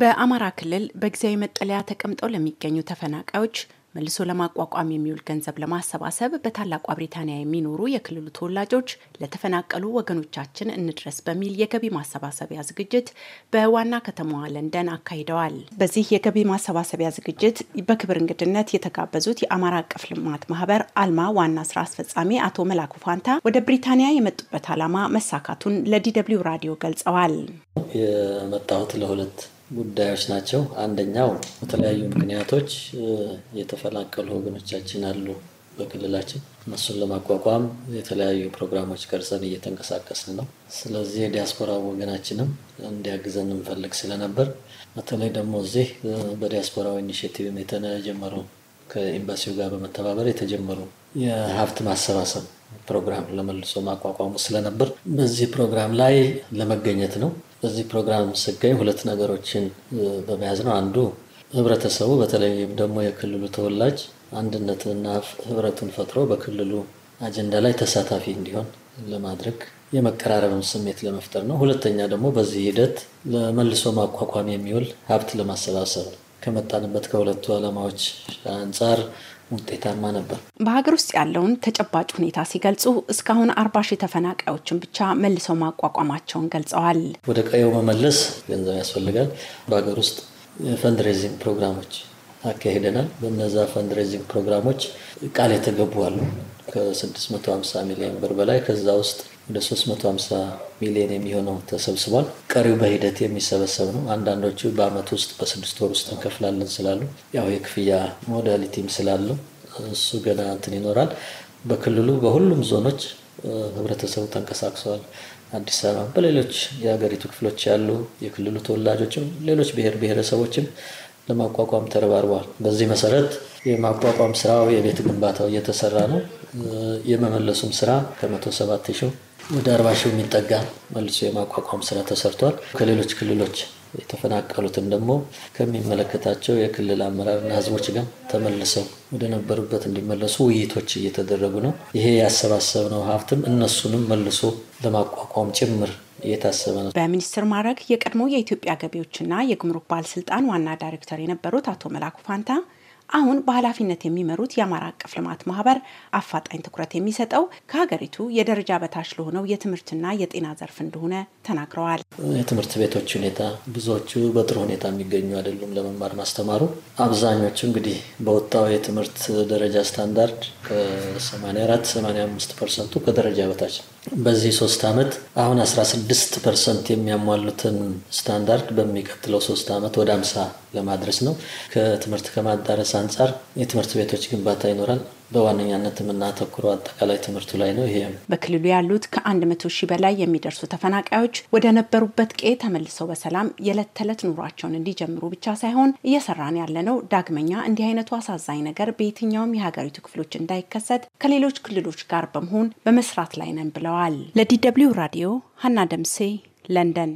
በአማራ ክልል በጊዜያዊ መጠለያ ተቀምጠው ለሚገኙ ተፈናቃዮች መልሶ ለማቋቋም የሚውል ገንዘብ ለማሰባሰብ በታላቋ ብሪታንያ የሚኖሩ የክልሉ ተወላጆች ለተፈናቀሉ ወገኖቻችን እንድረስ በሚል የገቢ ማሰባሰቢያ ዝግጅት በዋና ከተማዋ ለንደን አካሂደዋል። በዚህ የገቢ ማሰባሰቢያ ዝግጅት በክብር እንግድነት የተጋበዙት የአማራ አቀፍ ልማት ማህበር አልማ ዋና ስራ አስፈጻሚ አቶ መላኩ ፋንታ ወደ ብሪታንያ የመጡበት ዓላማ መሳካቱን ለዲደብሊው ራዲዮ ገልጸዋል። የመጣሁት ለሁለት ጉዳዮች ናቸው። አንደኛው በተለያዩ ምክንያቶች የተፈላቀሉ ወገኖቻችን አሉ በክልላችን እነሱን ለማቋቋም የተለያዩ ፕሮግራሞች ቀርጸን እየተንቀሳቀስን ነው። ስለዚህ የዲያስፖራ ወገናችንም እንዲያግዘን እንፈልግ ስለነበር በተለይ ደግሞ እዚህ በዲያስፖራዊ ኢኒሽቲቭ የተጀመሩ ከኤምባሲው ጋር በመተባበር የተጀመሩ የሀብት ማሰባሰብ ፕሮግራም ለመልሶ ማቋቋሙ ስለነበር በዚህ ፕሮግራም ላይ ለመገኘት ነው። በዚህ ፕሮግራም ስገኝ ሁለት ነገሮችን በመያዝ ነው። አንዱ ህብረተሰቡ በተለይም ደግሞ የክልሉ ተወላጅ አንድነትንና ህብረቱን ፈጥሮ በክልሉ አጀንዳ ላይ ተሳታፊ እንዲሆን ለማድረግ የመቀራረብም ስሜት ለመፍጠር ነው። ሁለተኛ ደግሞ በዚህ ሂደት ለመልሶ ማቋቋም የሚውል ሀብት ለማሰባሰብ ነው። ከመጣንበት ከሁለቱ ዓላማዎች አንጻር ውጤታማ ነበር። በሀገር ውስጥ ያለውን ተጨባጭ ሁኔታ ሲገልጹ እስካሁን አርባ ሺህ ተፈናቃዮችን ብቻ መልሰው ማቋቋማቸውን ገልጸዋል። ወደ ቀየው መመለስ ገንዘብ ያስፈልጋል። በሀገር ውስጥ ፈንድሬዚንግ ፕሮግራሞች አካሄደናል። በነዛ ፈንድሬዚንግ ፕሮግራሞች ቃል የተገቡ አሉ ከ650 ሚሊዮን ብር በላይ ከዛ ውስጥ ወደ 350 ሚሊዮን የሚሆነው ተሰብስቧል። ቀሪው በሂደት የሚሰበሰብ ነው። አንዳንዶቹ በአመት ውስጥ በስድስት ወር ውስጥ እንከፍላለን ስላሉ ያው የክፍያ ሞዳሊቲም ስላለው እሱ ገና እንትን ይኖራል። በክልሉ በሁሉም ዞኖች ህብረተሰቡ ተንቀሳቅሰዋል። አዲስ አበባ በሌሎች የሀገሪቱ ክፍሎች ያሉ የክልሉ ተወላጆችም ሌሎች ብሔር ብሔረሰቦችም ለማቋቋም ተረባርበዋል። በዚህ መሰረት የማቋቋም ስራው የቤት ግንባታው እየተሰራ ነው። የመመለሱም ስራ ከመቶ ሰባት ወደ አርባ ሺህ የሚጠጋ መልሶ የማቋቋም ስራ ተሰርቷል። ከሌሎች ክልሎች የተፈናቀሉትም ደግሞ ከሚመለከታቸው የክልል አመራርና ህዝቦች ጋር ተመልሰው ወደ ነበሩበት እንዲመለሱ ውይይቶች እየተደረጉ ነው። ይሄ ያሰባሰብነው ሀብትም እነሱንም መልሶ ለማቋቋም ጭምር እየታሰበ ነው። በሚኒስትር ማዕረግ የቀድሞ የኢትዮጵያ ገቢዎችና የጉምሩክ ባለስልጣን ዋና ዳይሬክተር የነበሩት አቶ መላኩ ፋንታ አሁን በኃላፊነት የሚመሩት የአማራ አቀፍ ልማት ማህበር አፋጣኝ ትኩረት የሚሰጠው ከሀገሪቱ የደረጃ በታች ለሆነው የትምህርትና የጤና ዘርፍ እንደሆነ ተናግረዋል። የትምህርት ቤቶች ሁኔታ ብዙዎቹ በጥሩ ሁኔታ የሚገኙ አይደሉም። ለመማር ማስተማሩ አብዛኞቹ እንግዲህ በወጣው የትምህርት ደረጃ ስታንዳርድ ከ84 85 ፐርሰንቱ ከደረጃ በታች ነው። በዚህ ሶስት ዓመት አሁን 16 ፐርሰንት የሚያሟሉትን ስታንዳርድ በሚቀጥለው ሶስት ዓመት ወደ አምሳ ለማድረስ ነው። ከትምህርት ከማዳረስ አንጻር የትምህርት ቤቶች ግንባታ ይኖራል። በዋነኛነት የምናተኩረው አጠቃላይ ትምህርቱ ላይ ነው። ይሄ በክልሉ ያሉት ከአንድ መቶ ሺህ በላይ የሚደርሱ ተፈናቃዮች ወደ ነበሩበት ቄ ተመልሰው በሰላም የዕለት ተዕለት ኑሯቸውን እንዲጀምሩ ብቻ ሳይሆን እየሰራን ያለነው ዳግመኛ እንዲህ አይነቱ አሳዛኝ ነገር በየትኛውም የሀገሪቱ ክፍሎች እንዳይከሰት ከሌሎች ክልሎች ጋር በመሆን በመስራት ላይ ነን ብለዋል። ለዲ ደብልዩ ራዲዮ ሀና ደምሴ ለንደን